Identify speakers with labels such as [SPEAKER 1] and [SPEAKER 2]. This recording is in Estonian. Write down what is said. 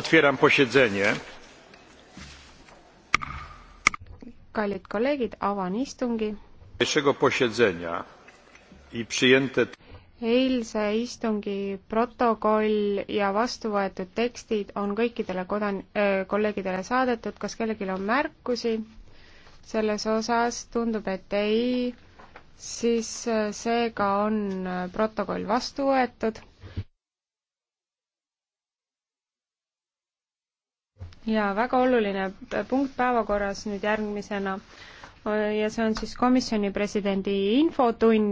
[SPEAKER 1] otwieram posiedzenie
[SPEAKER 2] kallid kolleegid avan istungi
[SPEAKER 1] dzisiejszego posiedzenia i przyjęte
[SPEAKER 2] eilse istungi protokoll ja vastu võetud tekstid on kõikidele kodan- öö, äh, kolleegidele saadetud kas kellelgi on märkusi selles osas tundub et ei siis äh, seega on äh, protokoll vastu võetud ja väga oluline punkt päevakorras nüüd järgmisena ja see on siis komisjoni presidendi infotund.